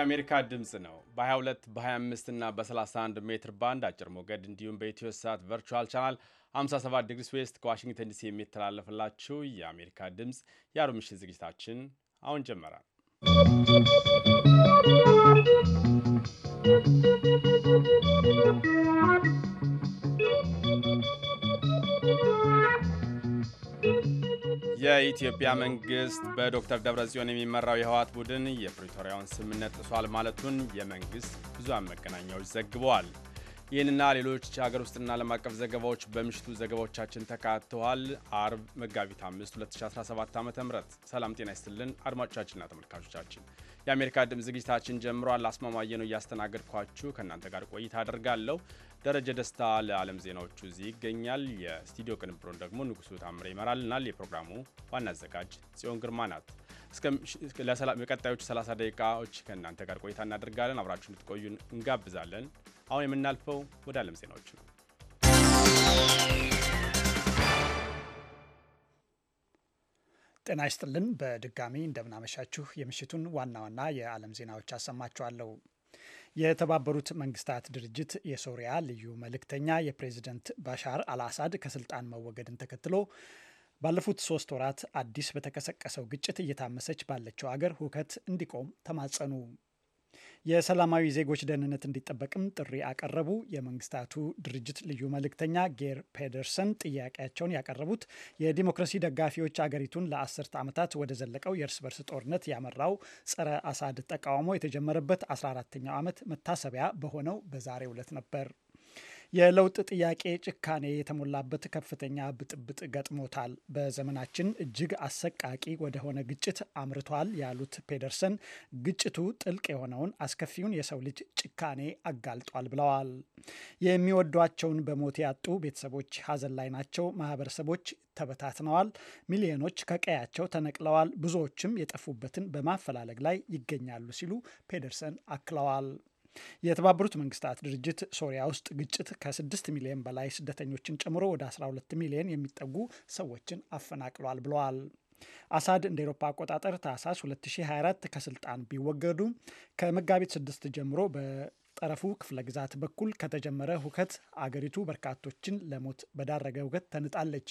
የአሜሪካ ድምፅ ነው። በ22 በ25 እና በ31 ሜትር ባንድ አጭር ሞገድ እንዲሁም በኢትዮ ሳት ቨርቹዋል ቻናል 57 ዲግሪ ዌስት ከዋሽንግተን ዲሲ የሚተላለፍላችሁ የአሜሪካ ድምፅ የአሩ ምሽት ዝግጅታችን አሁን ጀመረ። ¶¶ የኢትዮጵያ መንግስት በዶክተር ደብረጽዮን የሚመራው የህወሓት ቡድን የፕሪቶሪያውን ስምምነት ጥሷል ማለቱን የመንግስት ብዙሃን መገናኛዎች ዘግበዋል። ይህንና ሌሎች ሀገር ውስጥና ዓለም አቀፍ ዘገባዎች በምሽቱ ዘገባዎቻችን ተካተዋል። አርብ መጋቢት 5 2017 ዓ ም ሰላም ጤና ይስትልን አድማጮቻችንና ተመልካቾቻችን የአሜሪካ ድምፅ ዝግጅታችን ጀምሯል። አስማማየ ነው እያስተናገድኳችሁ ከእናንተ ጋር ቆይታ አደርጋለሁ። ደረጀ ደስታ ለዓለም ዜናዎቹ እዚህ ይገኛል። የስቱዲዮ ቅንብሮን ደግሞ ንጉሱ ታምረ ይመራልናል። የፕሮግራሙ ዋና አዘጋጅ ጽዮን ግርማ ናት። ቀጣዮቹ 30 ደቂቃዎች ከእናንተ ጋር ቆይታ እናደርጋለን። አብራችሁ እንድትቆዩ እንጋብዛለን። አሁን የምናልፈው ወደ ዓለም ዜናዎች ነው። ጤና ይስጥልን። በድጋሚ እንደምናመሻችሁ የምሽቱን ዋና ዋና የዓለም ዜናዎች አሰማችኋለሁ። የተባበሩት መንግስታት ድርጅት የሶሪያ ልዩ መልእክተኛ የፕሬዚደንት ባሻር አልአሳድ ከስልጣን መወገድን ተከትሎ ባለፉት ሶስት ወራት አዲስ በተቀሰቀሰው ግጭት እየታመሰች ባለችው አገር ሁከት እንዲቆም ተማጸኑ። የሰላማዊ ዜጎች ደህንነት እንዲጠበቅም ጥሪ አቀረቡ። የመንግስታቱ ድርጅት ልዩ መልእክተኛ ጌር ፔደርሰን ጥያቄያቸውን ያቀረቡት የዲሞክራሲ ደጋፊዎች አገሪቱን ለአስርተ ዓመታት ወደ ዘለቀው የእርስ በርስ ጦርነት ያመራው ጸረ አሳድ ተቃውሞ የተጀመረበት 14ተኛው ዓመት መታሰቢያ በሆነው በዛሬው ዕለት ነበር። የለውጥ ጥያቄ ጭካኔ የተሞላበት ከፍተኛ ብጥብጥ ገጥሞታል፣ በዘመናችን እጅግ አሰቃቂ ወደሆነ ግጭት አምርቷል ያሉት ፔደርሰን ግጭቱ ጥልቅ የሆነውን አስከፊውን የሰው ልጅ ጭካኔ አጋልጧል ብለዋል። የሚወዷቸውን በሞት ያጡ ቤተሰቦች ሀዘን ላይ ናቸው። ማህበረሰቦች ተበታትነዋል። ሚሊዮኖች ከቀያቸው ተነቅለዋል። ብዙዎችም የጠፉበትን በማፈላለግ ላይ ይገኛሉ ሲሉ ፔደርሰን አክለዋል። የተባበሩት መንግስታት ድርጅት ሶሪያ ውስጥ ግጭት ከስድስት ሚሊዮን በላይ ስደተኞችን ጨምሮ ወደ 12 ሚሊዮን የሚጠጉ ሰዎችን አፈናቅሏል ብለዋል። አሳድ እንደ ኤሮፓ አቆጣጠር ታህሳስ 2024 ከስልጣን ቢወገዱ ከመጋቢት ስድስት ጀምሮ ጠረፉ ክፍለ ግዛት በኩል ከተጀመረ ሁከት አገሪቱ በርካቶችን ለሞት በዳረገ ሁከት ተንጣለች።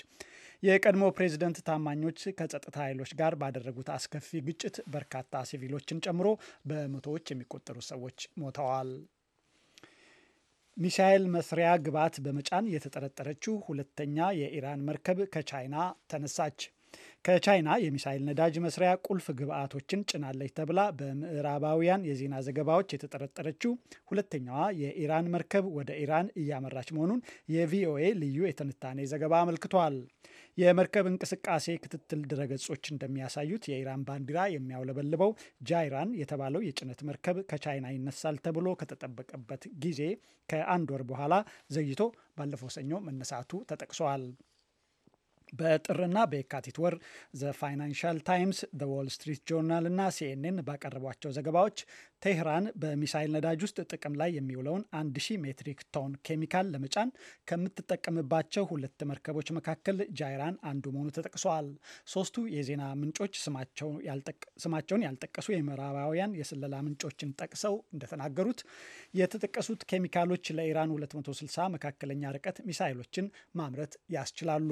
የቀድሞ ፕሬዚደንት ታማኞች ከጸጥታ ኃይሎች ጋር ባደረጉት አስከፊ ግጭት በርካታ ሲቪሎችን ጨምሮ በመቶዎች የሚቆጠሩ ሰዎች ሞተዋል። ሚሳኤል መስሪያ ግብዓት በመጫን የተጠረጠረችው ሁለተኛ የኢራን መርከብ ከቻይና ተነሳች። ከቻይና የሚሳይል ነዳጅ መስሪያ ቁልፍ ግብአቶችን ጭናለች ተብላ በምዕራባውያን የዜና ዘገባዎች የተጠረጠረችው ሁለተኛዋ የኢራን መርከብ ወደ ኢራን እያመራች መሆኑን የቪኦኤ ልዩ የትንታኔ ዘገባ አመልክቷል። የመርከብ እንቅስቃሴ ክትትል ድረገጾች እንደሚያሳዩት የኢራን ባንዲራ የሚያውለበልበው ጃይራን የተባለው የጭነት መርከብ ከቻይና ይነሳል ተብሎ ከተጠበቀበት ጊዜ ከአንድ ወር በኋላ ዘግይቶ ባለፈው ሰኞ መነሳቱ ተጠቅሷል። በጥርና በየካቲት ወር ዘ ፋይናንሻል ታይምስ፣ ዘ ዎል ስትሪት ጆርናል እና ሲኤንኤን ባቀረቧቸው ዘገባዎች ቴህራን በሚሳይል ነዳጅ ውስጥ ጥቅም ላይ የሚውለውን 1000 ሜትሪክ ቶን ኬሚካል ለመጫን ከምትጠቀምባቸው ሁለት መርከቦች መካከል ጃይራን አንዱ መሆኑ ተጠቅሰዋል። ሶስቱ የዜና ምንጮች ስማቸውን ያልጠቀሱ የምዕራባውያን የስለላ ምንጮችን ጠቅሰው እንደተናገሩት የተጠቀሱት ኬሚካሎች ለኢራን 260 መካከለኛ ርቀት ሚሳይሎችን ማምረት ያስችላሉ።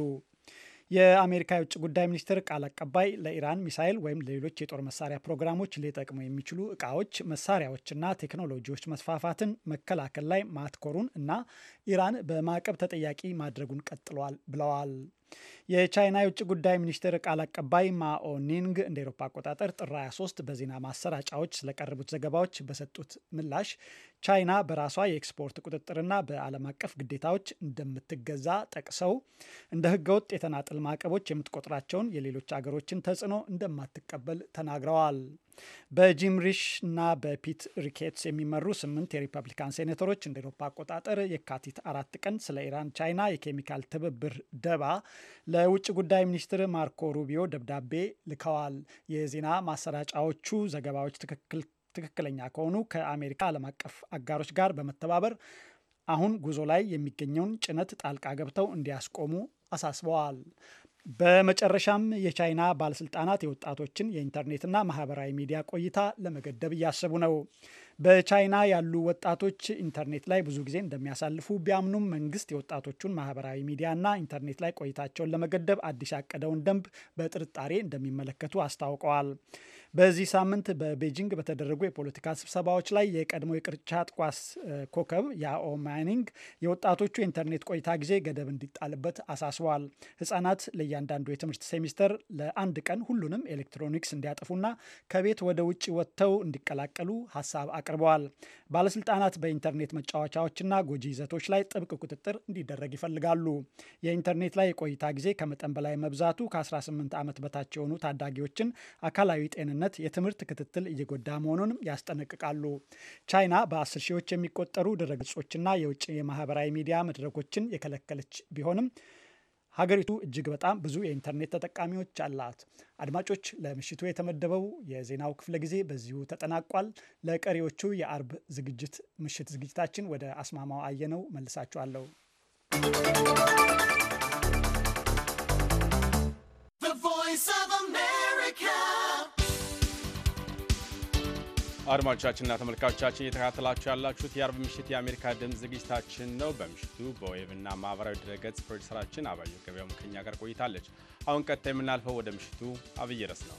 የአሜሪካ የውጭ ጉዳይ ሚኒስትር ቃል አቀባይ ለኢራን ሚሳይል ወይም ለሌሎች የጦር መሳሪያ ፕሮግራሞች ሊጠቅሙ የሚችሉ እቃዎች፣ መሳሪያዎችና ቴክኖሎጂዎች መስፋፋትን መከላከል ላይ ማትኮሩን እና ኢራን በማዕቀብ ተጠያቂ ማድረጉን ቀጥሏል ብለዋል። የቻይና የውጭ ጉዳይ ሚኒስቴር ቃል አቀባይ ማኦ ኒንግ እንደ ኤሮፓ አቆጣጠር ጥር 23 በዜና ማሰራጫዎች ስለቀረቡት ዘገባዎች በሰጡት ምላሽ ቻይና በራሷ የኤክስፖርት ቁጥጥርና በዓለም አቀፍ ግዴታዎች እንደምትገዛ ጠቅሰው እንደ ህገወጥ የተናጥል ማዕቀቦች የምትቆጥራቸውን የሌሎች አገሮችን ተጽዕኖ እንደማትቀበል ተናግረዋል። በጂምሪሽ እና በፒት ሪኬትስ የሚመሩ ስምንት የሪፐብሊካን ሴኔተሮች እንደ ኤሮፓ አቆጣጠር የካቲት አራት ቀን ስለ ኢራን ቻይና የኬሚካል ትብብር ደባ ለውጭ ጉዳይ ሚኒስትር ማርኮ ሩቢዮ ደብዳቤ ልከዋል። የዜና ማሰራጫዎቹ ዘገባዎች ትክክል ትክክለኛ ከሆኑ ከአሜሪካ ዓለም አቀፍ አጋሮች ጋር በመተባበር አሁን ጉዞ ላይ የሚገኘውን ጭነት ጣልቃ ገብተው እንዲያስቆሙ አሳስበዋል። በመጨረሻም የቻይና ባለስልጣናት የወጣቶችን የኢንተርኔትና ማህበራዊ ሚዲያ ቆይታ ለመገደብ እያሰቡ ነው። በቻይና ያሉ ወጣቶች ኢንተርኔት ላይ ብዙ ጊዜ እንደሚያሳልፉ ቢያምኑም መንግስት የወጣቶቹን ማህበራዊ ሚዲያና ኢንተርኔት ላይ ቆይታቸውን ለመገደብ አዲስ ያቀደውን ደንብ በጥርጣሬ እንደሚመለከቱ አስታውቀዋል። በዚህ ሳምንት በቤጂንግ በተደረጉ የፖለቲካ ስብሰባዎች ላይ የቀድሞ የቅርጫት ኳስ ኮከብ ያኦ ማኒንግ የወጣቶቹ የኢንተርኔት ቆይታ ጊዜ ገደብ እንዲጣልበት አሳስበዋል። ህጻናት ለእያንዳንዱ የትምህርት ሴሚስተር ለአንድ ቀን ሁሉንም ኤሌክትሮኒክስ እንዲያጠፉና ከቤት ወደ ውጭ ወጥተው እንዲቀላቀሉ ሀሳብ አቅርበዋል። ባለስልጣናት በኢንተርኔት መጫወቻዎችና ጎጂ ይዘቶች ላይ ጥብቅ ቁጥጥር እንዲደረግ ይፈልጋሉ። የኢንተርኔት ላይ የቆይታ ጊዜ ከመጠን በላይ መብዛቱ ከ18 ዓመት በታች የሆኑ ታዳጊዎችን አካላዊ ጤንነት ነጻነት የትምህርት ክትትል እየጎዳ መሆኑንም ያስጠነቅቃሉ። ቻይና በአስር ሺዎች የሚቆጠሩ ድረገጾችና የውጭ የማህበራዊ ሚዲያ መድረኮችን የከለከለች ቢሆንም ሀገሪቱ እጅግ በጣም ብዙ የኢንተርኔት ተጠቃሚዎች አላት። አድማጮች፣ ለምሽቱ የተመደበው የዜናው ክፍለ ጊዜ በዚሁ ተጠናቋል። ለቀሪዎቹ የአርብ ዝግጅት ምሽት ዝግጅታችን ወደ አስማማው አየነው መልሳችኋለሁ። አድማጮቻችንና ተመልካቾቻችን እየተከታተላችሁ ያላችሁት የአርብ ምሽት የአሜሪካ ድምፅ ዝግጅታችን ነው። በምሽቱ በዌብና ማህበራዊ ድረገጽ ፕሮዲሰራችን አባየሁ ገበያውም ከኛ ጋር ቆይታለች። አሁን ቀጥታ የምናልፈው ወደ ምሽቱ አብይ ርዕስ ነው።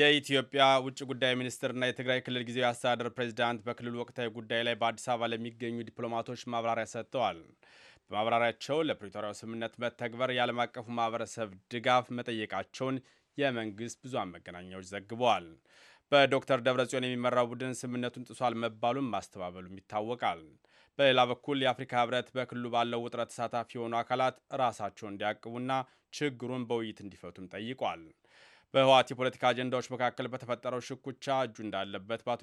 የኢትዮጵያ ውጭ ጉዳይ ሚኒስትርና የትግራይ ክልል ጊዜያዊ አስተዳደር ፕሬዚዳንት በክልሉ ወቅታዊ ጉዳይ ላይ በአዲስ አበባ ለሚገኙ ዲፕሎማቶች ማብራሪያ ሰጥተዋል። በማብራሪያቸው ለፕሪቶሪያው ስምምነት መተግበር የዓለም አቀፉ ማህበረሰብ ድጋፍ መጠየቃቸውን የመንግስት ብዙሃን መገናኛዎች ዘግበዋል። በዶክተር ደብረጽዮን የሚመራው ቡድን ስምምነቱን ጥሷል መባሉን ማስተባበሉም ይታወቃል። በሌላ በኩል የአፍሪካ ህብረት በክልሉ ባለው ውጥረት ተሳታፊ የሆኑ አካላት ራሳቸውን እንዲያቅቡና ችግሩን በውይይት እንዲፈቱም ጠይቋል። በህወሓት የፖለቲካ አጀንዳዎች መካከል በተፈጠረው ሽኩቻ እጁ እንዳለበት በአቶ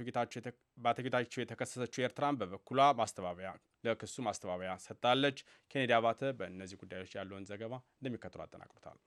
ጌታቸው የተከሰሰችው ኤርትራን በበኩሏ ማስተባበያ ለክሱ ማስተባበያ ሰጥታለች። ኬኔዲ አባተ በእነዚህ ጉዳዮች ያለውን ዘገባ እንደሚከተሉ አጠናቅሮታል።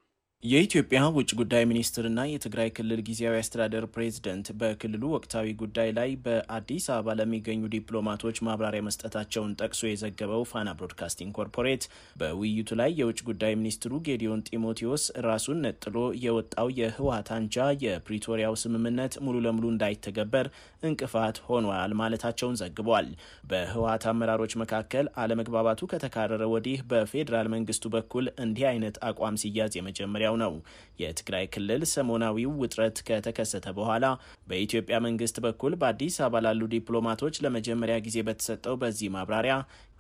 የኢትዮጵያ ውጭ ጉዳይ ሚኒስትርና የትግራይ ክልል ጊዜያዊ አስተዳደር ፕሬዝደንት በክልሉ ወቅታዊ ጉዳይ ላይ በአዲስ አበባ ለሚገኙ ዲፕሎማቶች ማብራሪያ መስጠታቸውን ጠቅሶ የዘገበው ፋና ብሮድካስቲንግ ኮርፖሬት በውይይቱ ላይ የውጭ ጉዳይ ሚኒስትሩ ጌዲዮን ጢሞቴዎስ ራሱን ነጥሎ የወጣው የህወሀት አንጃ የፕሪቶሪያው ስምምነት ሙሉ ለሙሉ እንዳይተገበር እንቅፋት ሆኗል ማለታቸውን ዘግቧል። በህወሀት አመራሮች መካከል አለመግባባቱ ከተካረረ ወዲህ በፌዴራል መንግስቱ በኩል እንዲህ አይነት አቋም ሲያዝ የመጀመሪያው የመጀመሪያው ነው። የትግራይ ክልል ሰሞናዊው ውጥረት ከተከሰተ በኋላ በኢትዮጵያ መንግስት በኩል በአዲስ አበባ ላሉ ዲፕሎማቶች ለመጀመሪያ ጊዜ በተሰጠው በዚህ ማብራሪያ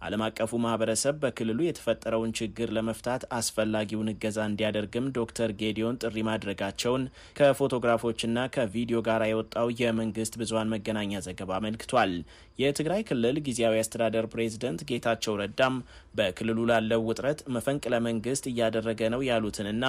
ዓለም አቀፉ ማህበረሰብ በክልሉ የተፈጠረውን ችግር ለመፍታት አስፈላጊውን እገዛ እንዲያደርግም ዶክተር ጌዲዮን ጥሪ ማድረጋቸውን ከፎቶግራፎችና ከቪዲዮ ጋር የወጣው የመንግስት ብዙሀን መገናኛ ዘገባ አመልክቷል። የትግራይ ክልል ጊዜያዊ አስተዳደር ፕሬዝደንት ጌታቸው ረዳም በክልሉ ላለው ውጥረት መፈንቅለ መንግስት እያደረገ ነው ያሉትንና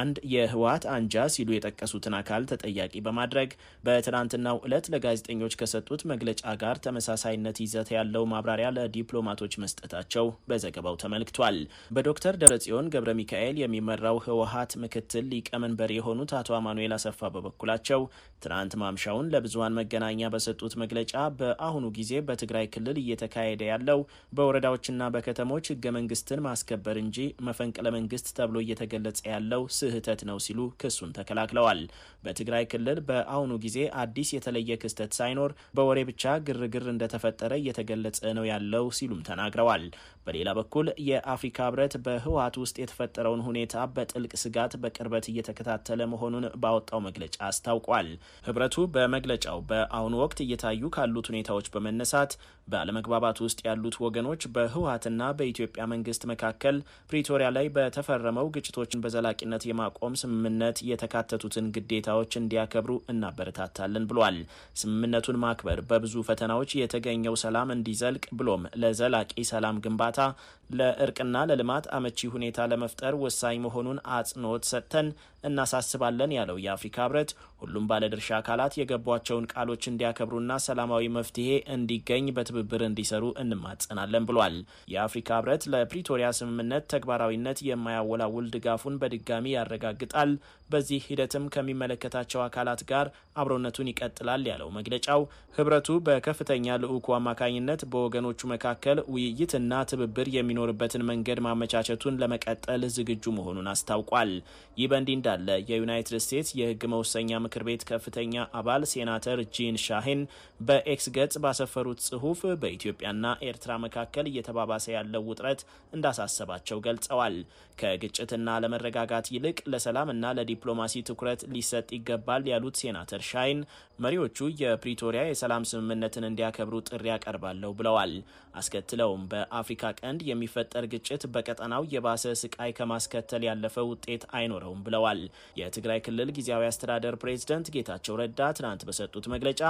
አንድ የህወሀት አንጃ ሲሉ የጠቀሱትን አካል ተጠያቂ በማድረግ በትናንትናው ዕለት ለጋዜጠኞች ከሰጡት መግለጫ ጋር ተመሳሳይነት ይዘት ያለው ማብራሪያ ለዲፕሎማቶች አስተያየቶች መስጠታቸው በዘገባው ተመልክቷል። በዶክተር ደብረጽዮን ገብረ ሚካኤል የሚመራው ህወሀት ምክትል ሊቀመንበር የሆኑት አቶ አማኑኤል አሰፋ በበኩላቸው ትናንት ማምሻውን ለብዙሀን መገናኛ በሰጡት መግለጫ በአሁኑ ጊዜ በትግራይ ክልል እየተካሄደ ያለው በወረዳዎችና በከተሞች ህገ መንግስትን ማስከበር እንጂ መፈንቅለ መንግስት ተብሎ እየተገለጸ ያለው ስህተት ነው ሲሉ ክሱን ተከላክለዋል። በትግራይ ክልል በአሁኑ ጊዜ አዲስ የተለየ ክስተት ሳይኖር በወሬ ብቻ ግርግር እንደተፈጠረ እየተገለጸ ነው ያለው ሲሉም ተናል። ተናግረዋል። በሌላ በኩል የአፍሪካ ህብረት በህወሀት ውስጥ የተፈጠረውን ሁኔታ በጥልቅ ስጋት በቅርበት እየተከታተለ መሆኑን ባወጣው መግለጫ አስታውቋል። ህብረቱ በመግለጫው በአሁኑ ወቅት እየታዩ ካሉት ሁኔታዎች በመነሳት በአለመግባባት ውስጥ ያሉት ወገኖች በህወሀትና በኢትዮጵያ መንግስት መካከል ፕሪቶሪያ ላይ በተፈረመው ግጭቶችን በዘላቂነት የማቆም ስምምነት የተካተቱትን ግዴታዎች እንዲያከብሩ እናበረታታለን ብሏል። ስምምነቱን ማክበር በብዙ ፈተናዎች የተገኘው ሰላም እንዲዘልቅ ብሎም ለዘላ ዘላቂ ሰላም ግንባታ ለእርቅና ለልማት አመቺ ሁኔታ ለመፍጠር ወሳኝ መሆኑን አጽንኦት ሰጥተን እናሳስባለን ያለው የአፍሪካ ህብረት ሁሉም ባለድርሻ አካላት የገቧቸውን ቃሎች እንዲያከብሩና ሰላማዊ መፍትሄ እንዲገኝ በትብብር እንዲሰሩ እንማጸናለን ብሏል። የአፍሪካ ህብረት ለፕሪቶሪያ ስምምነት ተግባራዊነት የማያወላውል ድጋፉን በድጋሚ ያረጋግጣል። በዚህ ሂደትም ከሚመለከታቸው አካላት ጋር አብሮነቱን ይቀጥላል ያለው መግለጫው ህብረቱ በከፍተኛ ልዑኩ አማካኝነት በወገኖቹ መካከል ውይይትና ትብብር የሚኖርበትን መንገድ ማመቻቸቱን ለመቀጠል ዝግጁ መሆኑን አስታውቋል። ይህ በእንዲህ እንዳለ የዩናይትድ ስቴትስ የህግ መወሰኛ ምክር ቤት ከፍተኛ አባል ሴናተር ጂን ሻሂን በኤክስ ገጽ ባሰፈሩት ጽሁፍ በኢትዮጵያና ኤርትራ መካከል እየተባባሰ ያለው ውጥረት እንዳሳሰባቸው ገልጸዋል። ከግጭትና ለመረጋጋት ይልቅ ለሰላምና ለዲፕሎማሲ ትኩረት ሊሰጥ ይገባል ያሉት ሴናተር ሻይን መሪዎቹ የፕሪቶሪያ የሰላም ስምምነትን እንዲያከብሩ ጥሪ ያቀርባለሁ ብለዋል። አስከትለ አክለውም በአፍሪካ ቀንድ የሚፈጠር ግጭት በቀጠናው የባሰ ስቃይ ከማስከተል ያለፈ ውጤት አይኖረውም ብለዋል። የትግራይ ክልል ጊዜያዊ አስተዳደር ፕሬዝደንት ጌታቸው ረዳ ትናንት በሰጡት መግለጫ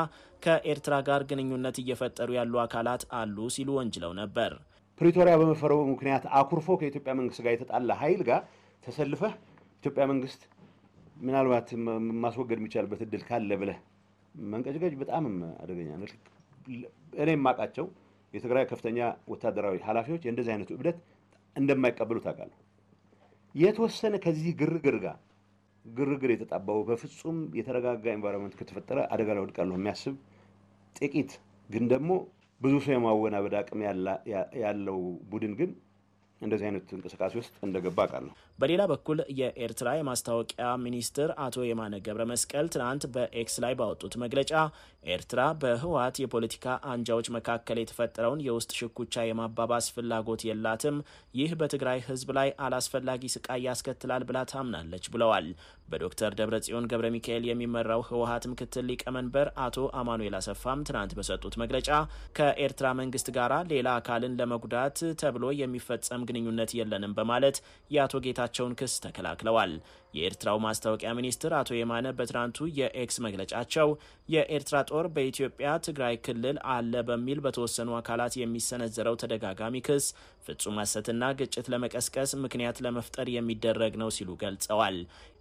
ከኤርትራ ጋር ግንኙነት እየፈጠሩ ያሉ አካላት አሉ ሲሉ ወንጅለው ነበር። ፕሪቶሪያ በመፈረሙ ምክንያት አኩርፎ ከኢትዮጵያ መንግስት ጋር የተጣላ ኃይል ጋር ተሰልፈህ ኢትዮጵያ መንግስት ምናልባት ማስወገድ የሚቻልበት እድል ካለ ብለህ መንቀጭቀጭ በጣም አደገኛ ነው። እኔ የማውቃቸው የትግራይ ከፍተኛ ወታደራዊ ኃላፊዎች የእንደዚህ አይነቱ እብደት እንደማይቀበሉ ታውቃለሁ። የተወሰነ ከዚህ ግርግር ጋር ግርግር የተጣባው በፍጹም የተረጋጋ ኤንቫይሮንመንት ከተፈጠረ አደጋ ላይ ወድቃለሁ የሚያስብ ጥቂት ግን ደግሞ ብዙ ሰው የማወናበድ አቅም ያለው ቡድን ግን እንደዚህ አይነት እንቅስቃሴ ውስጥ እንደገባ ቃል ነው። በሌላ በኩል የኤርትራ የማስታወቂያ ሚኒስትር አቶ የማነ ገብረ መስቀል ትናንት በኤክስ ላይ ባወጡት መግለጫ ኤርትራ በህወሀት የፖለቲካ አንጃዎች መካከል የተፈጠረውን የውስጥ ሽኩቻ የማባባስ ፍላጎት የላትም፣ ይህ በትግራይ ህዝብ ላይ አላስፈላጊ ስቃይ ያስከትላል ብላ ታምናለች ብለዋል። በዶክተር ደብረጽዮን ገብረ ሚካኤል የሚመራው ህወሀት ምክትል ሊቀመንበር አቶ አማኑኤል አሰፋም ትናንት በሰጡት መግለጫ ከኤርትራ መንግስት ጋር ሌላ አካልን ለመጉዳት ተብሎ የሚፈጸም ግንኙነት የለንም በማለት የአቶ ጌታቸውን ክስ ተከላክለዋል። የኤርትራው ማስታወቂያ ሚኒስትር አቶ የማነ በትናንቱ የኤክስ መግለጫቸው የኤርትራ ጦር በኢትዮጵያ ትግራይ ክልል አለ በሚል በተወሰኑ አካላት የሚሰነዘረው ተደጋጋሚ ክስ ፍጹም ሐሰትና ግጭት ለመቀስቀስ ምክንያት ለመፍጠር የሚደረግ ነው ሲሉ ገልጸዋል።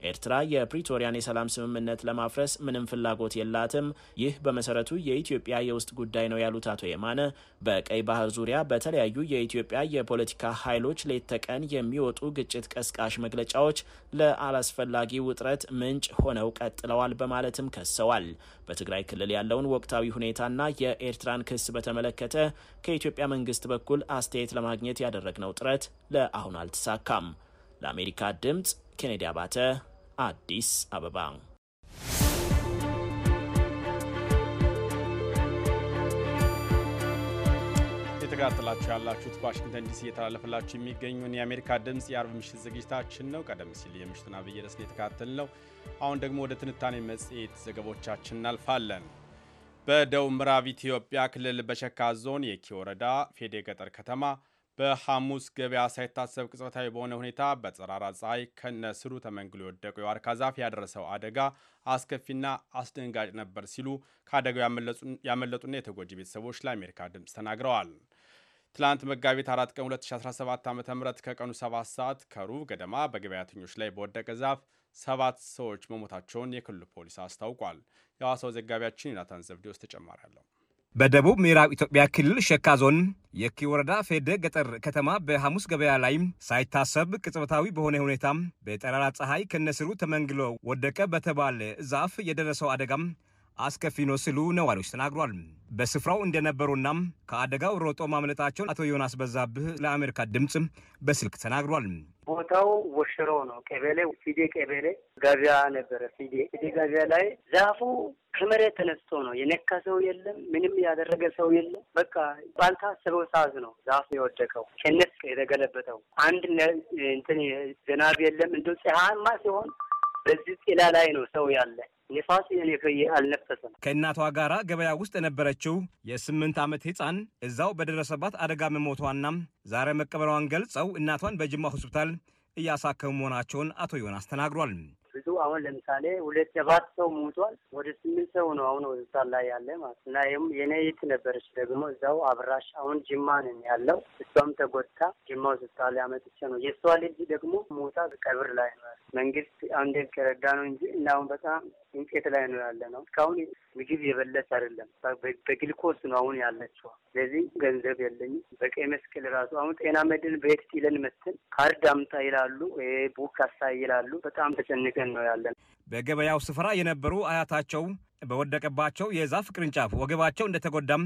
ኤርትራ የፕሪቶሪያን የሰላም ስምምነት ለማፍረስ ምንም ፍላጎት የላትም፣ ይህ በመሰረቱ የኢትዮጵያ የውስጥ ጉዳይ ነው ያሉት አቶ የማነ በቀይ ባህር ዙሪያ በተለያዩ የኢትዮጵያ የፖለቲካ ኃይሎች ሌት ተቀን የሚወጡ ግጭት ቀስቃሽ መግለጫዎች ለአ አስፈላጊ ውጥረት ምንጭ ሆነው ቀጥለዋል በማለትም ከሰዋል። በትግራይ ክልል ያለውን ወቅታዊ ሁኔታና የኤርትራን ክስ በተመለከተ ከኢትዮጵያ መንግስት በኩል አስተያየት ለማግኘት ያደረግነው ጥረት ለአሁን አልተሳካም። ለአሜሪካ ድምፅ ኬኔዲ አባተ አዲስ አበባ እየተከታተላችሁ ያላችሁት ከዋሽንግተን ዲሲ እየተላለፈላችሁ የሚገኙን የአሜሪካ ድምፅ የአርብ ምሽት ዝግጅታችን ነው። ቀደም ሲል የምሽቱን አብይ ርዕስን ነው። አሁን ደግሞ ወደ ትንታኔ መጽሔት ዘገቦቻችን እናልፋለን። በደቡብ ምዕራብ ኢትዮጵያ ክልል በሸካ ዞን የኪ ወረዳ ፌዴ ገጠር ከተማ በሐሙስ ገበያ ሳይታሰብ ቅጽበታዊ በሆነ ሁኔታ በጠራራ ፀሐይ ከነ ስሩ ተመንግሎ የወደቀው የዋርካ ዛፍ ያደረሰው አደጋ አስከፊና አስደንጋጭ ነበር ሲሉ ከአደጋው ያመለጡና የተጎጂ ቤተሰቦች ለአሜሪካ ድምፅ ተናግረዋል። ትላንት መጋቢት 4 ቀን 2017 ዓ ም ከቀኑ 7 ሰዓት ከሩብ ገደማ በገበያተኞች ላይ በወደቀ ዛፍ ሰባት ሰዎች መሞታቸውን የክልሉ ፖሊስ አስታውቋል። የሐዋሳው ዘጋቢያችን ዮናታን ዘብዴዎስ ተጨማሪ አለው። በደቡብ ምዕራብ ኢትዮጵያ ክልል ሸካ ዞን የኪ ወረዳ ፌደ ገጠር ከተማ በሐሙስ ገበያ ላይ ሳይታሰብ ቅጽበታዊ በሆነ ሁኔታ በጠራራ ፀሐይ ከነስሩ ተመንግሎ ወደቀ በተባለ ዛፍ የደረሰው አደጋም አስከፊ ነው ሲሉ ነዋሪዎች ተናግሯል። በስፍራው እንደነበሩና ከአደጋው ሮጦ ማምለጣቸውን አቶ ዮናስ በዛብህ ለአሜሪካ ድምፅ በስልክ ተናግሯል። ቦታው ወሽሮ ነው ቀበሌ ፊዴ ቀበሌ ጋቢያ ነበረ። ፊዴ ፊዴ ጋቢያ ላይ ዛፉ ከመሬት ተነስቶ ነው የነካ ሰው የለም፣ ምንም ያደረገ ሰው የለም። በቃ ባልታሰበው ሰዓት ነው ዛፉ የወደቀው ከነስ የተገለበጠው። አንድ እንትን ዝናብ የለም እንደ ፀሐያማ ሲሆን በዚህ ጤላ ላይ ነው ሰው ያለ ንፋስ አልነፈሰም። ከእናቷ ጋራ ገበያ ውስጥ የነበረችው የስምንት ዓመት ሕፃን እዛው በደረሰባት አደጋ መሞቷና ዛሬ መቀበሯን ገልጸው እናቷን በጅማ ሆስፒታል እያሳከሙ መሆናቸውን አቶ ዮናስ ተናግሯል። ብዙ አሁን ለምሳሌ ሁለት ሰባት ሰው ሞቷል። ወደ ስምንት ሰው ነው አሁን ሆስፒታል ላይ ያለ ማለት እና ይም የኔ ይት ነበረች ደግሞ እዛው አብራሽ አሁን ጅማ ነን ያለው እሷም ተጎድታ ጅማ ሆስፒታል ያመጥቼ ነው። የእሷ ልጅ ደግሞ ሞታ ቀብር ላይ ነው። መንግስት አንዴ ከረዳ ነው እንጂ እና አሁን በጣም እንቄት ላይ ነው ያለ ነው። እስካሁን ምግብ የበለች አይደለም፣ በግልኮስ ነው አሁን ያለችው። ስለዚህ ገንዘብ የለኝም። በቀይ መስቀል ራሱ አሁን ጤና መድን በየት ይለን መስል ካርድ አምጣ ይላሉ፣ ቡክ አሳይ ይላሉ። በጣም ተጨንቀን ነው ያለን። በገበያው ስፍራ የነበሩ አያታቸው በወደቀባቸው የዛፍ ቅርንጫፍ ወገባቸው እንደተጎዳም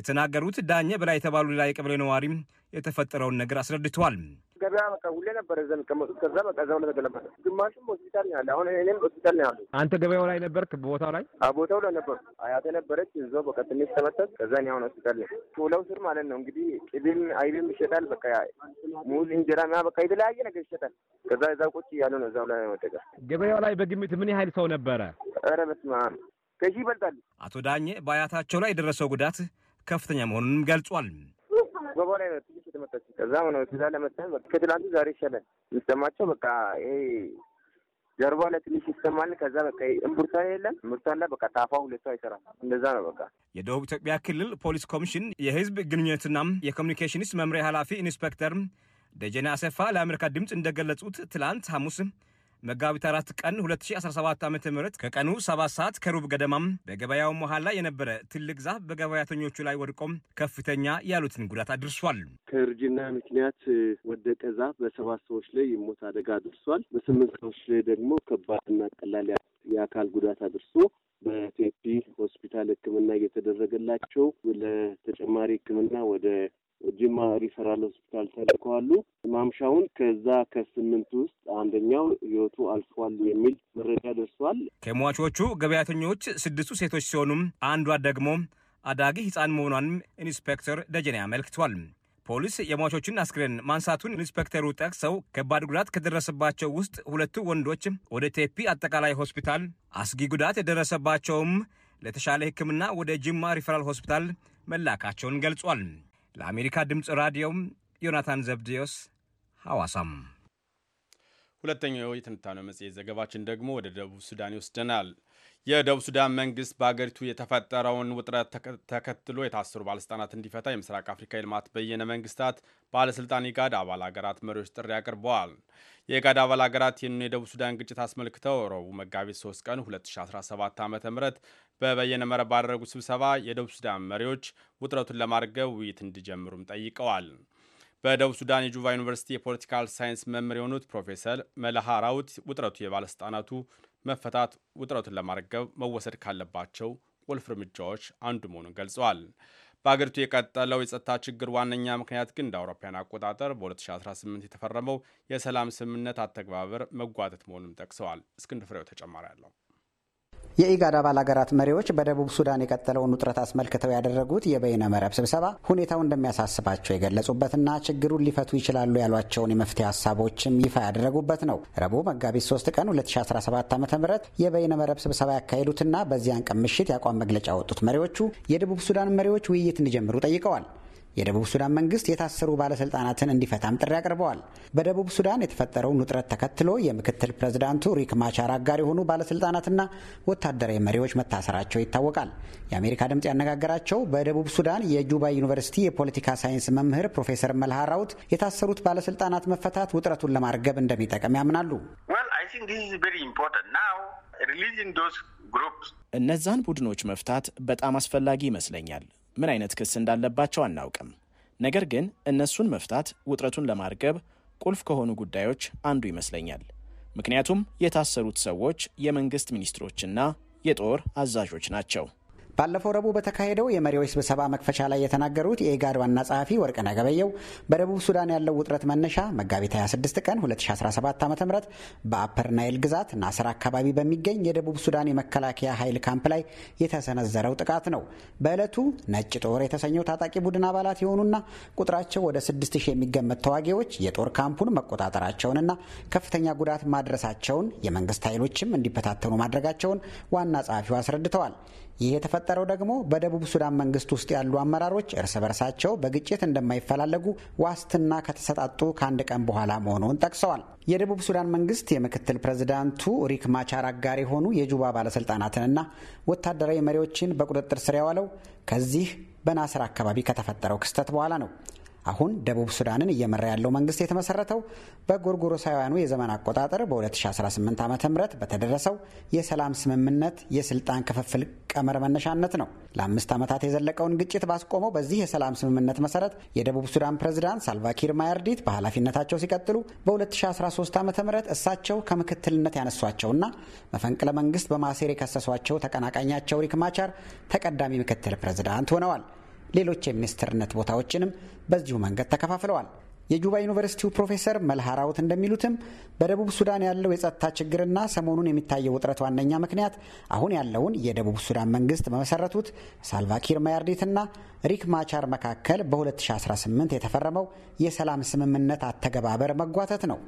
የተናገሩት ዳኘ በላይ የተባሉ ሌላ የቀበሌ ነዋሪም የተፈጠረውን ነገር አስረድተዋል። ገበያ በቃ ሁሌ ነበረ ዘን ከዛ በቃ እዛው ነው ተገለበጠ። ሆስፒታል ነው ያለ። አሁን እኔም ሆስፒታል ነው አንተ ገበያው ላይ ነበርክ? ቦታው ላይ ቦታው ላይ ነበር። አያቴ ነበረች እዛው በቃ ትንሽ ተመተት። ከዛ እኔ አሁን ሆስፒታል ነው ቶለው ስር ማለት ነው እንግዲህ ቅቤም አይቢም ይሸጣል። በቃ ሙዝ፣ እንጀራ ና በቃ የተለያየ ነገር ይሸጣል። ከዛ እዛው ቁጭ እያሉ ነው እዛው ላይ ወደቀ። ገበያው ላይ በግምት ምን ያህል ሰው ነበረ? ኧረ በስመ አብ ከሺህ ይበልጣል። አቶ ዳኜ በአያታቸው ላይ የደረሰው ጉዳት ከፍተኛ መሆኑንም ገልጿል። አስገባ ላይ ትንሽ ነው ትዛ ከትላንቱ ዛሬ ይሻላል የሚሰማቸው በቃ ይሄ ጀርባ ላይ ትንሽ ይሰማል። ከዛ በቃ እምቡርታ የለም እምቡርታና በቃ ታፋ ሁለቱ አይሰራም። እንደዛ ነው በቃ። የደቡብ ኢትዮጵያ ክልል ፖሊስ ኮሚሽን የህዝብ ግንኙነትና የኮሚኒኬሽንስ መምሪያ ኃላፊ ኢንስፔክተር ደጀኔ አሰፋ ለአሜሪካ ድምፅ እንደገለጹት ትላንት ሐሙስ መጋቢት አራት ቀን 2017 ዓ ም ከቀኑ 7 ሰዓት ከሩብ ገደማም በገበያው መሃል ላይ የነበረ ትልቅ ዛፍ በገበያተኞቹ ላይ ወድቆም ከፍተኛ ያሉትን ጉዳት አድርሷል። ከእርጅና ምክንያት ወደቀ ዛፍ በሰባት ሰዎች ላይ የሞት አደጋ አድርሷል። በስምንት ሰዎች ላይ ደግሞ ከባድና ቀላል የአካል ጉዳት አድርሶ በቴፒ ሆስፒታል ሕክምና እየተደረገላቸው ለተጨማሪ ሕክምና ወደ ጅማ ሪፈራል ሆስፒታል ተልከዋሉ። ማምሻውን ከዛ ከስምንት ውስጥ አንደኛው ህይወቱ አልፏል የሚል መረጃ ደርሷል። ከሟቾቹ ገበያተኞች ስድስቱ ሴቶች ሲሆኑም አንዷ ደግሞ አዳጊ ህፃን መሆኗንም ኢንስፔክተር ደጀኔ አመልክቷል። ፖሊስ የሟቾችን አስክሬን ማንሳቱን ኢንስፔክተሩ ጠቅሰው ከባድ ጉዳት ከደረሰባቸው ውስጥ ሁለቱ ወንዶች ወደ ቴፒ አጠቃላይ ሆስፒታል፣ አስጊ ጉዳት የደረሰባቸውም ለተሻለ ሕክምና ወደ ጅማ ሪፈራል ሆስፒታል መላካቸውን ገልጿል። ለአሜሪካ ድምፅ ራዲዮም ዮናታን ዘብድዮስ ሐዋሳም። ሁለተኛው የትንታኔው መጽሔት ዘገባችን ደግሞ ወደ ደቡብ ሱዳን ይወስደናል። የደቡብ ሱዳን መንግስት በአገሪቱ የተፈጠረውን ውጥረት ተከትሎ የታሰሩ ባለስልጣናት እንዲፈታ የምስራቅ አፍሪካ የልማት በየነ መንግስታት ባለስልጣን ኢጋድ አባል ሀገራት መሪዎች ጥሪ አቅርበዋል። የኢጋድ አባል ሀገራት ይህንኑ የደቡብ ሱዳን ግጭት አስመልክተው ረቡዕ መጋቢት 3 ቀን 2017 ዓ ም በበየነ መረብ ባደረጉት ስብሰባ የደቡብ ሱዳን መሪዎች ውጥረቱን ለማርገብ ውይይት እንዲጀምሩም ጠይቀዋል። በደቡብ ሱዳን የጁቫ ዩኒቨርሲቲ የፖለቲካል ሳይንስ መምህር የሆኑት ፕሮፌሰር መለሃ ራውት ውጥረቱ የባለስልጣናቱ መፈታት ውጥረቱን ለማርገብ መወሰድ ካለባቸው ቁልፍ እርምጃዎች አንዱ መሆኑን ገልጸዋል። በአገሪቱ የቀጠለው የጸጥታ ችግር ዋነኛ ምክንያት ግን እንደ አውሮፓውያን አቆጣጠር በ2018 የተፈረመው የሰላም ስምምነት አተግባበር መጓተት መሆኑን ጠቅሰዋል። እስክንድር ፍሬው ተጨማሪ አለው። የኢጋድ አባል ሀገራት መሪዎች በደቡብ ሱዳን የቀጠለውን ውጥረት አስመልክተው ያደረጉት የበይነ መረብ ስብሰባ ሁኔታው እንደሚያሳስባቸው የገለጹበትና ችግሩን ሊፈቱ ይችላሉ ያሏቸውን የመፍትሄ ሀሳቦችም ይፋ ያደረጉበት ነው። ረቡዕ መጋቢት 3 ቀን 2017 ዓ ም የበይነ መረብ ስብሰባ ያካሄዱትና በዚያን ቀን ምሽት የአቋም መግለጫ ያወጡት መሪዎቹ የደቡብ ሱዳን መሪዎች ውይይት እንዲጀምሩ ጠይቀዋል። የደቡብ ሱዳን መንግስት የታሰሩ ባለስልጣናትን እንዲፈታም ጥሪ አቅርበዋል። በደቡብ ሱዳን የተፈጠረውን ውጥረት ተከትሎ የምክትል ፕሬዝዳንቱ ሪክ ማቻር አጋር የሆኑ ባለስልጣናትና ወታደራዊ መሪዎች መታሰራቸው ይታወቃል። የአሜሪካ ድምፅ ያነጋገራቸው በደቡብ ሱዳን የጁባ ዩኒቨርሲቲ የፖለቲካ ሳይንስ መምህር ፕሮፌሰር መልሃ ራውት የታሰሩት ባለስልጣናት መፈታት ውጥረቱን ለማርገብ እንደሚጠቅም ያምናሉ። እነዛን ቡድኖች መፍታት በጣም አስፈላጊ ይመስለኛል። ምን አይነት ክስ እንዳለባቸው አናውቅም። ነገር ግን እነሱን መፍታት ውጥረቱን ለማርገብ ቁልፍ ከሆኑ ጉዳዮች አንዱ ይመስለኛል። ምክንያቱም የታሰሩት ሰዎች የመንግስት ሚኒስትሮችና የጦር አዛዦች ናቸው። ባለፈው ረቡዕ በተካሄደው የመሪዎች ስብሰባ መክፈቻ ላይ የተናገሩት የኢጋድ ዋና ጸሐፊ ወርቅነህ ገበየሁ በደቡብ ሱዳን ያለው ውጥረት መነሻ መጋቢት 26 ቀን 2017 ዓ ም በአፐር ናይል ግዛት ናስር አካባቢ በሚገኝ የደቡብ ሱዳን የመከላከያ ኃይል ካምፕ ላይ የተሰነዘረው ጥቃት ነው። በዕለቱ ነጭ ጦር የተሰኘው ታጣቂ ቡድን አባላት የሆኑና ቁጥራቸው ወደ 6000 የሚገመት ተዋጊዎች የጦር ካምፑን መቆጣጠራቸውንና ከፍተኛ ጉዳት ማድረሳቸውን የመንግስት ኃይሎችም እንዲበታተኑ ማድረጋቸውን ዋና ጸሐፊው አስረድተዋል። ይህ የተፈጠረው ደግሞ በደቡብ ሱዳን መንግስት ውስጥ ያሉ አመራሮች እርስ በርሳቸው በግጭት እንደማይፈላለጉ ዋስትና ከተሰጣጡ ከአንድ ቀን በኋላ መሆኑን ጠቅሰዋል። የደቡብ ሱዳን መንግስት የምክትል ፕሬዝዳንቱ ሪክ ማቻር አጋር የሆኑ የጁባ ባለስልጣናትንና ወታደራዊ መሪዎችን በቁጥጥር ስር ያዋለው ከዚህ በናስር አካባቢ ከተፈጠረው ክስተት በኋላ ነው። አሁን ደቡብ ሱዳንን እየመራ ያለው መንግስት የተመሰረተው በጎርጎሮሳውያኑ የዘመን አቆጣጠር በ2018 ዓ ም በተደረሰው የሰላም ስምምነት የስልጣን ክፍፍል ቀመር መነሻነት ነው። ለአምስት ዓመታት የዘለቀውን ግጭት ባስቆመው በዚህ የሰላም ስምምነት መሰረት የደቡብ ሱዳን ፕሬዝዳንት ሳልቫኪር ማያርዲት በኃላፊነታቸው ሲቀጥሉ በ2013 ዓ ም እሳቸው ከምክትልነት ያነሷቸውና መፈንቅለ መንግስት በማሴር የከሰሷቸው ተቀናቃኛቸው ሪክ ማቻር ተቀዳሚ ምክትል ፕሬዝዳንት ሆነዋል። ሌሎች የሚኒስትርነት ቦታዎችንም በዚሁ መንገድ ተከፋፍለዋል። የጁባ ዩኒቨርሲቲው ፕሮፌሰር መልሃራውት እንደሚሉትም በደቡብ ሱዳን ያለው የጸጥታ ችግርና ሰሞኑን የሚታየው ውጥረት ዋነኛ ምክንያት አሁን ያለውን የደቡብ ሱዳን መንግስት በመሰረቱት ሳልቫኪር ማያርዲትና ሪክ ማቻር መካከል በ2018 የተፈረመው የሰላም ስምምነት አተገባበር መጓተት ነው።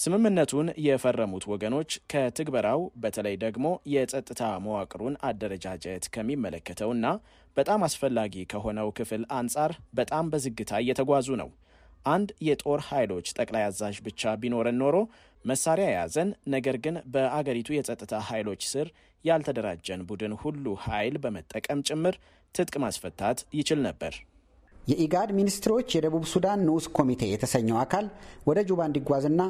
ስምምነቱን የፈረሙት ወገኖች ከትግበራው በተለይ ደግሞ የጸጥታ መዋቅሩን አደረጃጀት ከሚመለከተውና በጣም አስፈላጊ ከሆነው ክፍል አንጻር በጣም በዝግታ እየተጓዙ ነው። አንድ የጦር ኃይሎች ጠቅላይ አዛዥ ብቻ ቢኖረን ኖሮ መሳሪያ የያዘን ነገር ግን በአገሪቱ የጸጥታ ኃይሎች ስር ያልተደራጀን ቡድን ሁሉ ኃይል በመጠቀም ጭምር ትጥቅ ማስፈታት ይችል ነበር። የኢጋድ ሚኒስትሮች የደቡብ ሱዳን ንዑስ ኮሚቴ የተሰኘው አካል ወደ ጁባ እንዲጓዝና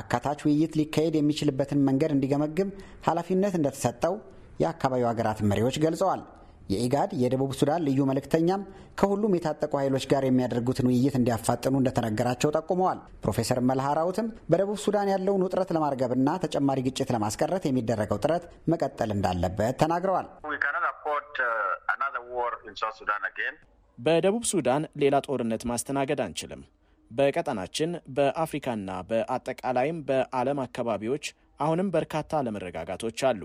አካታች ውይይት ሊካሄድ የሚችልበትን መንገድ እንዲገመግም ኃላፊነት እንደተሰጠው የአካባቢው ሀገራት መሪዎች ገልጸዋል። የኢጋድ የደቡብ ሱዳን ልዩ መልእክተኛም ከሁሉም የታጠቁ ኃይሎች ጋር የሚያደርጉትን ውይይት እንዲያፋጥኑ እንደተነገራቸው ጠቁመዋል። ፕሮፌሰር መልሃራውትም በደቡብ ሱዳን ያለውን ውጥረት ለማርገብና ተጨማሪ ግጭት ለማስቀረት የሚደረገው ጥረት መቀጠል እንዳለበት ተናግረዋል። በደቡብ ሱዳን ሌላ ጦርነት ማስተናገድ አንችልም። በቀጠናችን በአፍሪካና በአጠቃላይም በዓለም አካባቢዎች አሁንም በርካታ አለመረጋጋቶች አሉ።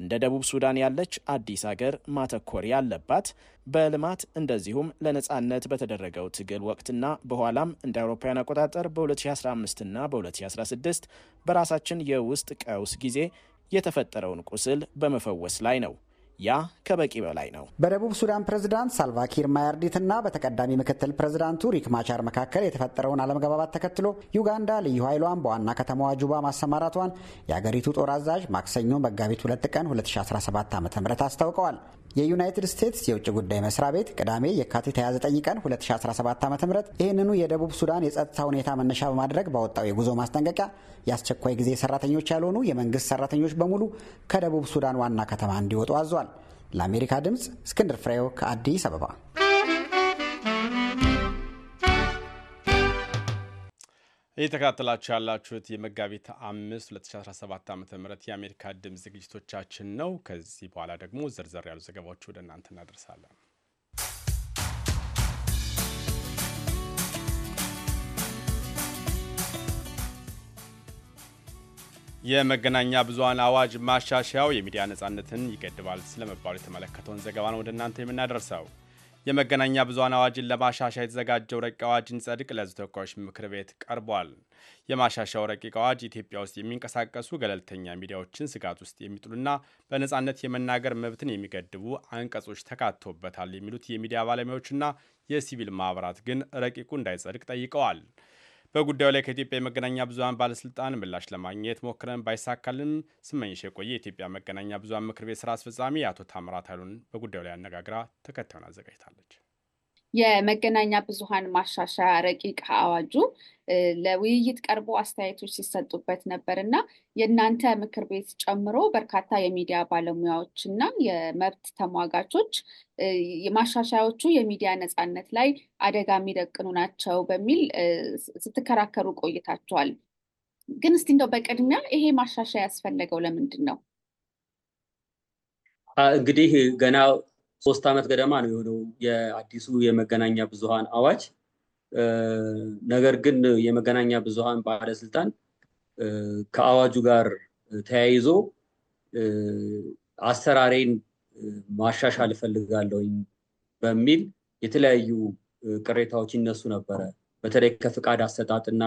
እንደ ደቡብ ሱዳን ያለች አዲስ አገር ማተኮር ያለባት በልማት እንደዚሁም ለነፃነት በተደረገው ትግል ወቅትና በኋላም እንደ አውሮፓውያን አቆጣጠር በ2015ና በ2016 በራሳችን የውስጥ ቀውስ ጊዜ የተፈጠረውን ቁስል በመፈወስ ላይ ነው። ያ ከበቂ በላይ ነው። በደቡብ ሱዳን ፕሬዝዳንት ሳልቫኪር ማያርዲት እና በተቀዳሚ ምክትል ፕሬዝዳንቱ ሪክ ማቻር መካከል የተፈጠረውን አለመግባባት ተከትሎ ዩጋንዳ ልዩ ኃይሏን በዋና ከተማዋ ጁባ ማሰማራቷን የአገሪቱ ጦር አዛዥ ማክሰኞ መጋቢት 2 ቀን 2017 ዓ ም አስታውቀዋል። የዩናይትድ ስቴትስ የውጭ ጉዳይ መስሪያ ቤት ቅዳሜ የካቲት 29 ቀን 2017 ዓ ም ይህንኑ የደቡብ ሱዳን የጸጥታ ሁኔታ መነሻ በማድረግ ባወጣው የጉዞ ማስጠንቀቂያ የአስቸኳይ ጊዜ ሰራተኞች ያልሆኑ የመንግስት ሰራተኞች በሙሉ ከደቡብ ሱዳን ዋና ከተማ እንዲወጡ አዟል። ለአሜሪካ ድምፅ እስክንድር ፍሬው ከአዲስ አበባ እየተከታተላችሁ ያላችሁት የመጋቢት አምስት 2017 ዓ ም የአሜሪካ ድምፅ ዝግጅቶቻችን ነው። ከዚህ በኋላ ደግሞ ዝርዝር ያሉ ዘገባዎች ወደ እናንተ እናደርሳለን። የመገናኛ ብዙሀን አዋጅ ማሻሻያው የሚዲያ ነጻነትን ይገድባል ስለመባሉ የተመለከተውን ዘገባ ነው ወደ እናንተ የምናደርሰው። የመገናኛ ብዙሀን አዋጅን ለማሻሻ የተዘጋጀው ረቂቅ አዋጅ እንዲጸድቅ ለሕዝብ ተወካዮች ምክር ቤት ቀርቧል። የማሻሻው ረቂቅ አዋጅ ኢትዮጵያ ውስጥ የሚንቀሳቀሱ ገለልተኛ ሚዲያዎችን ስጋት ውስጥ የሚጥሉና በነፃነት የመናገር መብትን የሚገድቡ አንቀጾች ተካተውበታል የሚሉት የሚዲያ ባለሙያዎችና የሲቪል ማኅበራት ግን ረቂቁ እንዳይጸድቅ ጠይቀዋል። በጉዳዩ ላይ ከኢትዮጵያ የመገናኛ ብዙሀን ባለስልጣን ምላሽ ለማግኘት ሞክረን ባይሳካልን ስመኝሽ የቆየ የኢትዮጵያ መገናኛ ብዙሀን ምክር ቤት ስራ አስፈጻሚ አቶ ታምራት ኃይሉን በጉዳዩ ላይ አነጋግራ ተከታዩን አዘጋጅታለች። የመገናኛ ብዙሃን ማሻሻያ ረቂቅ አዋጁ ለውይይት ቀርቦ አስተያየቶች ሲሰጡበት ነበር እና የእናንተ ምክር ቤት ጨምሮ በርካታ የሚዲያ ባለሙያዎች እና የመብት ተሟጋቾች ማሻሻያዎቹ የሚዲያ ነፃነት ላይ አደጋ የሚደቅኑ ናቸው በሚል ስትከራከሩ ቆይታቸዋል። ግን እስቲ እንደው በቅድሚያ ይሄ ማሻሻያ ያስፈለገው ለምንድን ነው? እንግዲህ ገና ሶስት ዓመት ገደማ ነው የሆነው የአዲሱ የመገናኛ ብዙሃን አዋጅ። ነገር ግን የመገናኛ ብዙሃን ባለስልጣን ከአዋጁ ጋር ተያይዞ አሰራሬን ማሻሻል እፈልጋለሁኝ በሚል የተለያዩ ቅሬታዎች ይነሱ ነበረ። በተለይ ከፍቃድ አሰጣጥና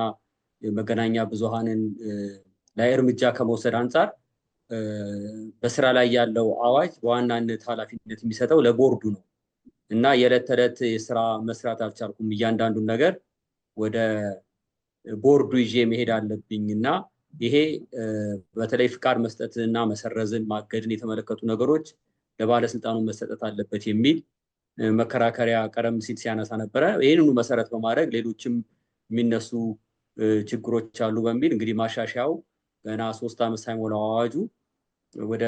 መገናኛ ብዙሃንን ላይ እርምጃ ከመውሰድ አንጻር በስራ ላይ ያለው አዋጅ በዋናነት ኃላፊነት የሚሰጠው ለቦርዱ ነው እና የዕለት ተዕለት የስራ መስራት አልቻልኩም፣ እያንዳንዱን ነገር ወደ ቦርዱ ይዤ መሄድ አለብኝ እና ይሄ በተለይ ፍቃድ መስጠት እና መሰረዝን ማገድን የተመለከቱ ነገሮች ለባለስልጣኑ መሰጠት አለበት የሚል መከራከሪያ ቀደም ሲል ሲያነሳ ነበረ። ይህንኑ መሰረት በማድረግ ሌሎችም የሚነሱ ችግሮች አሉ በሚል እንግዲህ ማሻሻያው ገና ሶስት ዓመት ሳይሞላው አዋጁ ወደ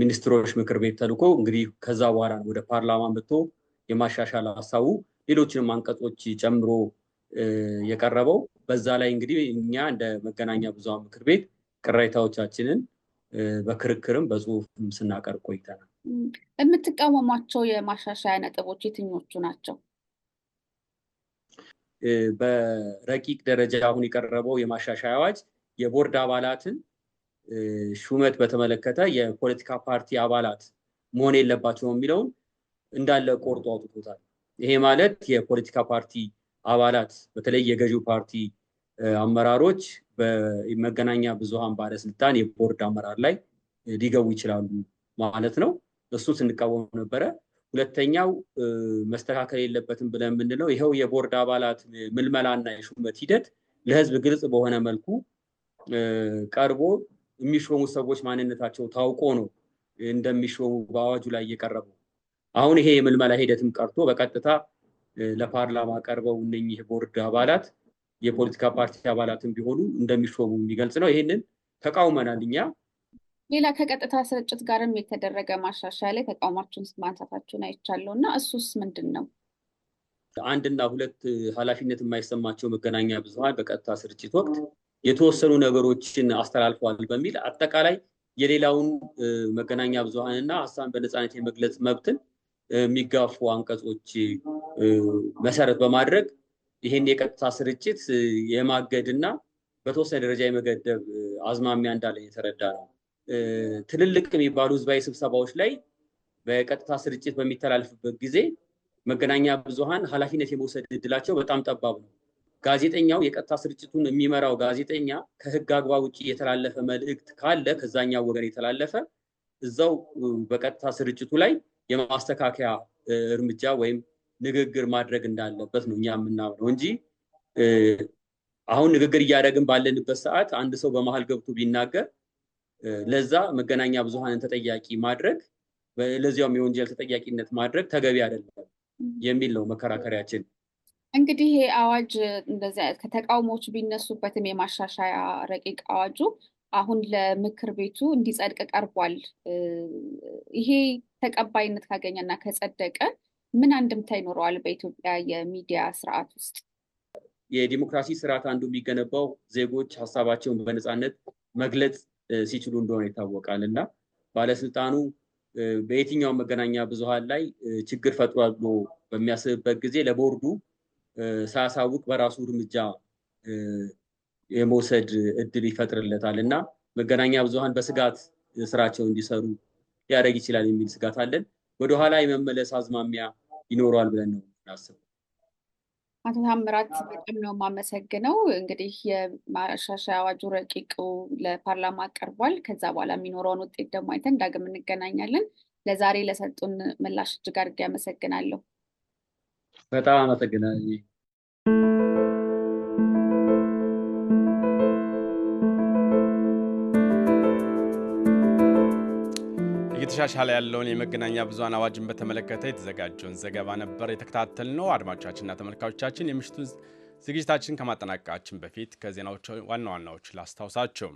ሚኒስትሮች ምክር ቤት ተልኮ እንግዲህ ከዛ በኋላ ወደ ፓርላማ መጥቶ የማሻሻል ሀሳቡ ሌሎችንም አንቀጾች ጨምሮ የቀረበው። በዛ ላይ እንግዲህ እኛ እንደ መገናኛ ብዙሃን ምክር ቤት ቅሬታዎቻችንን በክርክርም በጽሁፍም ስናቀርብ ቆይተናል። የምትቃወሟቸው የማሻሻያ ነጥቦች የትኞቹ ናቸው? በረቂቅ ደረጃ አሁን የቀረበው የማሻሻያ አዋጅ የቦርድ አባላትን ሹመት በተመለከተ የፖለቲካ ፓርቲ አባላት መሆን የለባቸውም የሚለውን እንዳለ ቆርጦ አውጥቶታል። ይሄ ማለት የፖለቲካ ፓርቲ አባላት በተለይ የገዢው ፓርቲ አመራሮች በመገናኛ ብዙሃን ባለስልጣን የቦርድ አመራር ላይ ሊገቡ ይችላሉ ማለት ነው። እሱ ስንቃወም ነበረ። ሁለተኛው መስተካከል የለበትም ብለን የምንለው ይኸው የቦርድ አባላት ምልመላና የሹመት ሂደት ለህዝብ ግልጽ በሆነ መልኩ ቀርቦ የሚሾሙ ሰዎች ማንነታቸው ታውቆ ነው እንደሚሾሙ በአዋጁ ላይ እየቀረቡ? አሁን ይሄ የምልመላ ሂደትም ቀርቶ በቀጥታ ለፓርላማ ቀርበው እነኚህ ቦርድ አባላት የፖለቲካ ፓርቲ አባላትም ቢሆኑ እንደሚሾሙ የሚገልጽ ነው። ይህንን ተቃውመናል እኛ። ሌላ ከቀጥታ ስርጭት ጋርም የተደረገ ማሻሻያ ላይ ተቃውሟችሁን ማንሳታችሁን አይቻለው እና እሱስ ምንድን ነው? አንድና ሁለት ኃላፊነት የማይሰማቸው መገናኛ ብዙሃን በቀጥታ ስርጭት ወቅት የተወሰኑ ነገሮችን አስተላልፈዋል በሚል አጠቃላይ የሌላውን መገናኛ ብዙሃንና ሀሳብን በነፃነት የመግለጽ መብትን የሚጋፉ አንቀጾች መሰረት በማድረግ ይህን የቀጥታ ስርጭት የማገድ እና በተወሰነ ደረጃ የመገደብ አዝማሚያ እንዳለ የተረዳ ነው። ትልልቅ የሚባሉ ህዝባዊ ስብሰባዎች ላይ በቀጥታ ስርጭት በሚተላልፍበት ጊዜ መገናኛ ብዙሃን ኃላፊነት የመውሰድ እድላቸው በጣም ጠባብ ነው። ጋዜጠኛው የቀጥታ ስርጭቱን የሚመራው ጋዜጠኛ ከህግ አግባብ ውጭ የተላለፈ መልእክት ካለ ከዛኛው ወገን የተላለፈ እዛው በቀጥታ ስርጭቱ ላይ የማስተካከያ እርምጃ ወይም ንግግር ማድረግ እንዳለበት ነው እኛ የምናምነው እንጂ አሁን ንግግር እያደረግን ባለንበት ሰዓት አንድ ሰው በመሀል ገብቶ ቢናገር ለዛ መገናኛ ብዙሃንን ተጠያቂ ማድረግ ለዚያውም የወንጀል ተጠያቂነት ማድረግ ተገቢ አይደለም የሚል ነው መከራከሪያችን። እንግዲህ ይሄ አዋጅ እንደዚህ ከተቃውሞዎቹ ቢነሱበትም የማሻሻያ ረቂቅ አዋጁ አሁን ለምክር ቤቱ እንዲጸድቅ ቀርቧል። ይሄ ተቀባይነት ካገኘ እና ከጸደቀ ምን አንድምታ ይኖረዋል በኢትዮጵያ የሚዲያ ስርዓት ውስጥ? የዲሞክራሲ ስርዓት አንዱ የሚገነባው ዜጎች ሀሳባቸውን በነፃነት መግለጽ ሲችሉ እንደሆነ ይታወቃል እና ባለስልጣኑ በየትኛው መገናኛ ብዙሃን ላይ ችግር ፈጥሯል ብሎ በሚያስብበት ጊዜ ለቦርዱ ሳያሳውቅ በራሱ እርምጃ የመውሰድ እድል ይፈጥርለታል እና መገናኛ ብዙሀን በስጋት ስራቸው እንዲሰሩ ሊያደርግ ይችላል የሚል ስጋት አለን። ወደኋላ የመመለስ አዝማሚያ ይኖረዋል ብለን ነው ናስብ። አቶ ታምራት በጣም ነው የማመሰግነው። እንግዲህ የማሻሻያ አዋጁ ረቂቁ ለፓርላማ ቀርቧል። ከዛ በኋላ የሚኖረውን ውጤት ደግሞ አይተን ዳግም እንገናኛለን። ለዛሬ ለሰጡን ምላሽ እጅግ አድርጌ አመሰግናለሁ። በጣም አመሰግናለሁ። እየተሻሻለ ያለውን የመገናኛ ብዙሃን አዋጅን በተመለከተ የተዘጋጀውን ዘገባ ነበር የተከታተልነው። አድማጮቻችንና ተመልካቾቻችን የምሽቱን ዝግጅታችን ከማጠናቀቃችን በፊት ከዜናዎች ዋና ዋናዎች ላስታውሳቸው።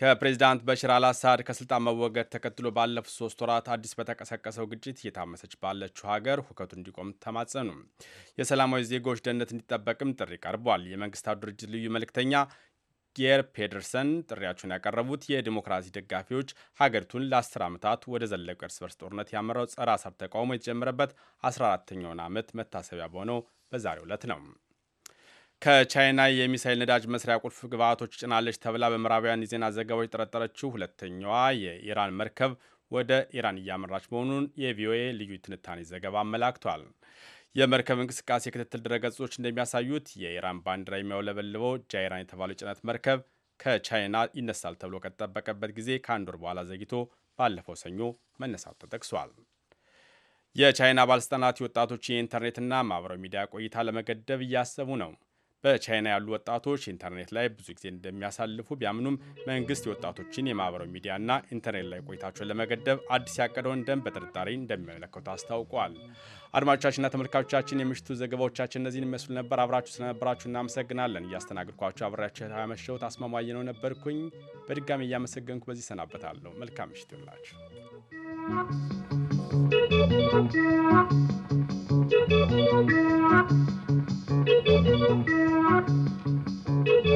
ከፕሬዚዳንት በሽር አልአሳድ ከስልጣን መወገድ ተከትሎ ባለፉት ሶስት ወራት አዲስ በተቀሰቀሰው ግጭት እየታመሰች ባለችው ሀገር ሁከቱ እንዲቆም ተማጸኑ። የሰላማዊ ዜጎች ደህንነት እንዲጠበቅም ጥሪ ቀርቧል። የመንግስታቱ ድርጅት ልዩ መልእክተኛ ጌር ፔደርሰን ጥሪያቸውን ያቀረቡት የዲሞክራሲ ደጋፊዎች ሀገሪቱን ለአስር ዓመታት ወደ ዘለቁ እርስ በርስ ጦርነት ያመራው ጸረ አሳድ ተቃውሞ የተጀመረበት 14ተኛውን ዓመት መታሰቢያ በሆነው በዛሬው ዕለት ነው። ከቻይና የሚሳይል ነዳጅ መስሪያ ቁልፍ ግብአቶች ጭናለች ተብላ በምዕራባውያን የዜና ዘገባዎች የጠረጠረችው ሁለተኛዋ የኢራን መርከብ ወደ ኢራን እያመራች መሆኑን የቪኦኤ ልዩ ትንታኔ ዘገባ አመላክቷል። የመርከብ እንቅስቃሴ ክትትል ድረገጾች እንደሚያሳዩት የኢራን ባንዲራ የሚያውለበልበው ጃይራን የተባለው ጭነት መርከብ ከቻይና ይነሳል ተብሎ ከተጠበቀበት ጊዜ ከአንድ ወር በኋላ ዘግይቶ ባለፈው ሰኞ መነሳቱ ተጠቅሷል። የቻይና ባለሥልጣናት የወጣቶች የኢንተርኔትና ማኅበራዊ ሚዲያ ቆይታ ለመገደብ እያሰቡ ነው። በቻይና ያሉ ወጣቶች ኢንተርኔት ላይ ብዙ ጊዜ እንደሚያሳልፉ ቢያምኑም መንግስት የወጣቶችን የማህበራዊ ሚዲያና ኢንተርኔት ላይ ቆይታቸውን ለመገደብ አዲስ ያቀደውን ደንብ በጥርጣሬ እንደሚመለከቱ አስታውቋል። አድማጮቻችንና ተመልካቾቻችን የምሽቱ ዘገባዎቻችን እነዚህን ይመስሉ ነበር። አብራችሁ ስለነበራችሁ እናመሰግናለን። እያስተናግድኳችሁ አብሬያችሁ ያመሸሁት አስማማየ ነው ነበርኩኝ። በድጋሚ እያመሰገንኩ በዚህ ሰናበታለሁ። መልካም ምሽት ይሁንላችሁ።